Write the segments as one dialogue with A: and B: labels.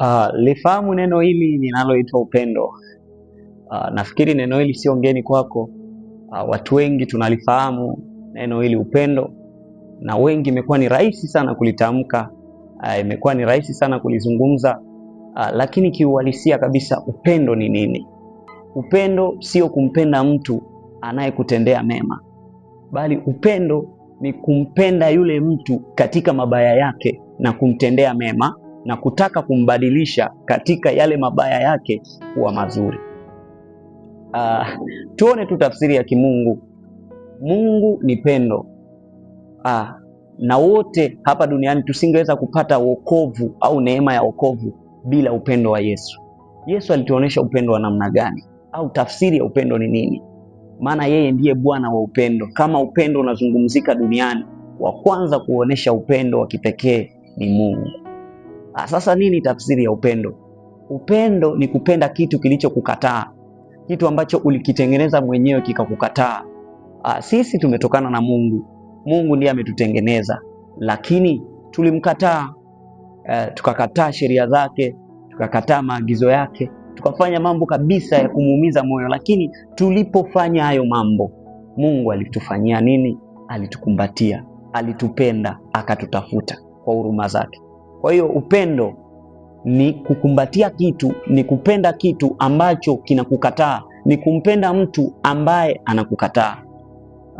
A: Uh, lifahamu neno hili linaloitwa upendo. Uh, nafikiri neno hili sio ngeni kwako. Uh, watu wengi tunalifahamu neno hili upendo, na wengi imekuwa ni rahisi sana kulitamka, uh, imekuwa ni rahisi sana kulizungumza, uh, lakini kiuhalisia kabisa upendo ni nini? Upendo sio kumpenda mtu anayekutendea mema, bali upendo ni kumpenda yule mtu katika mabaya yake na kumtendea mema na kutaka kumbadilisha katika yale mabaya yake kuwa mazuri. Uh, tuone tu tafsiri ya kimungu. Mungu ni pendo. Uh, na wote hapa duniani tusingeweza kupata wokovu au neema ya wokovu bila upendo wa Yesu. Yesu alituonesha upendo wa namna gani, au tafsiri ya upendo ni nini? Maana yeye ndiye Bwana wa upendo. Kama upendo unazungumzika duniani, wa kwanza kuonesha upendo wa kipekee ni Mungu. Ah, sasa nini tafsiri ya upendo? Upendo ni kupenda kitu kilichokukataa, kitu ambacho ulikitengeneza mwenyewe kikakukataa. Ah, sisi tumetokana na Mungu, Mungu ndiye ametutengeneza, lakini tulimkataa, eh, tukakataa sheria zake, tukakataa maagizo yake, tukafanya mambo kabisa ya kumuumiza moyo. Lakini tulipofanya hayo mambo, Mungu alitufanyia nini? Alitukumbatia, alitupenda, akatutafuta kwa huruma zake. Kwa hiyo upendo ni kukumbatia kitu, ni kupenda kitu ambacho kinakukataa, ni kumpenda mtu ambaye anakukataa,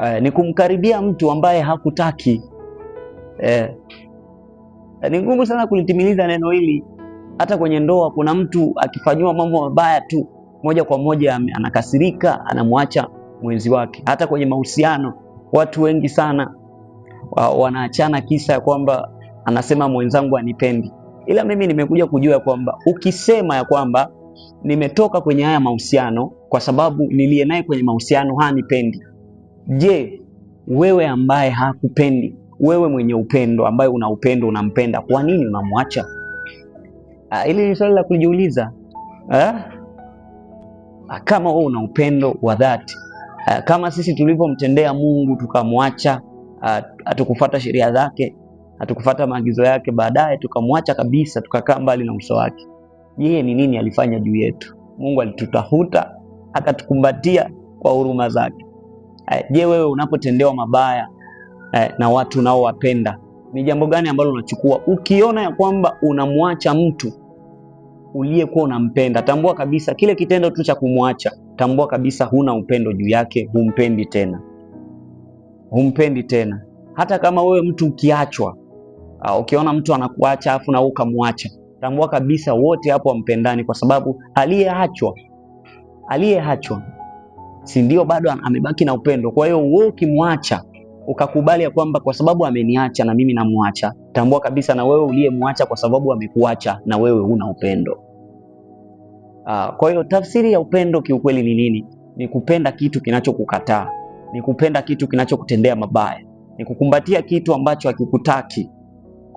A: eh, ni kumkaribia mtu ambaye hakutaki. Eh, eh ni ngumu sana kulitimiliza neno hili. Hata kwenye ndoa kuna mtu akifanyiwa mambo mabaya tu moja kwa moja anakasirika, anamwacha mwenzi wake. Hata kwenye mahusiano watu wengi sana wanaachana kisa ya kwamba anasema mwenzangu anipendi, ila mimi nimekuja kujua kwamba ukisema ya kwamba nimetoka kwenye haya mahusiano kwa sababu niliye naye kwenye mahusiano hanipendi. Je, wewe ambaye hakupendi, wewe mwenye upendo, ambaye una upendo, unampenda, kwa nini unamwacha? Ah, hili ni swali la kujiuliza. Ah, kama wewe una upendo wa dhati, ah, kama sisi tulivyomtendea Mungu tukamwacha, hatukufuata sheria zake hatukufata maagizo yake, baadaye tukamwacha kabisa, tukakaa mbali na uso wake. Yeye ni nini alifanya juu yetu? Mungu alitutafuta akatukumbatia kwa huruma zake. Eh, je, wewe unapotendewa mabaya eh, na watu unaowapenda ni jambo gani ambalo unachukua? Ukiona ya kwamba unamwacha mtu uliyekuwa unampenda, tambua kabisa kile kitendo tu cha kumwacha, tambua kabisa huna upendo juu yake, humpendi tena, humpendi tena. Hata kama wewe mtu ukiachwa Uh, ukiona mtu anakuacha afu na ukamwacha, tambua kabisa wote hapo wampendani, kwa sababu aliyeachwa aliyeachwa, si ndio? Bado amebaki na upendo. Kwa hiyo wewe ukimwacha ukakubali ya kwamba kwa sababu ameniacha na mimi namwacha, tambua kabisa na wewe uliyemwacha kwa sababu amekuacha na wewe una upendo. Uh, kwa hiyo tafsiri ya upendo kiukweli ni nini? Ni kupenda kitu kinachokukataa, ni kupenda kitu kinachokutendea mabaya, ni kukumbatia kitu ambacho hakikutaki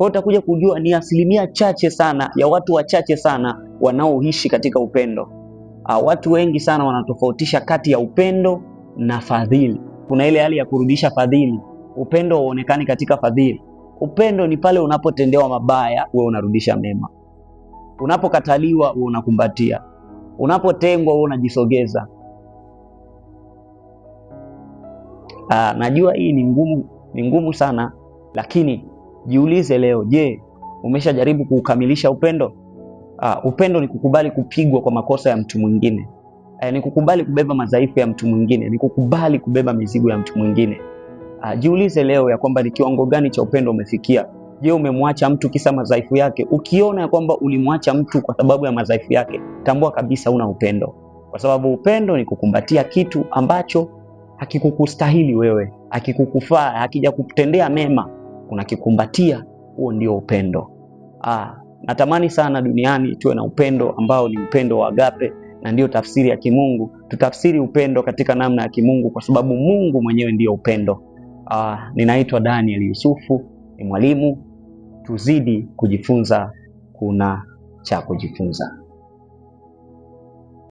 A: kwa hiyo utakuja kujua ni asilimia chache sana ya watu wachache sana wanaoishi katika upendo. Uh, watu wengi sana wanatofautisha kati ya upendo na fadhili. Kuna ile hali ya kurudisha fadhili, upendo hauonekani katika fadhili. Upendo ni pale unapotendewa mabaya, wewe unarudisha mema. Unapokataliwa, wewe unakumbatia. Unapotengwa, wewe unajisogeza. Uh, najua hii ni ngumu, ni ngumu sana lakini Jiulize leo, je, umeshajaribu kuukamilisha upendo? Uh, upendo ni kukubali kupigwa kwa makosa ya mtu mwingine. Uh, ni kukubali kubeba madhaifu ya mtu mwingine, ni kukubali kubeba mizigo ya mtu mwingine. Uh, jiulize leo ya kwamba ni kiwango gani cha upendo umefikia. Je, umemwacha mtu kisa madhaifu yake? Ukiona ya kwamba ulimwacha mtu kwa sababu ya madhaifu yake, tambua kabisa una upendo, kwa sababu upendo ni kukumbatia kitu ambacho hakikukustahili wewe, hakikukufaa, hakijakutendea mema unakikumbatia, huo ndio upendo. Ah, natamani sana duniani tuwe na upendo ambao ni upendo wa agape, na ndio tafsiri ya kimungu. Tutafsiri upendo katika namna ya kimungu, kwa sababu Mungu mwenyewe ndio upendo. Ah, ninaitwa Daniel Yusufu, ni mwalimu. Tuzidi kujifunza, kuna cha kujifunza.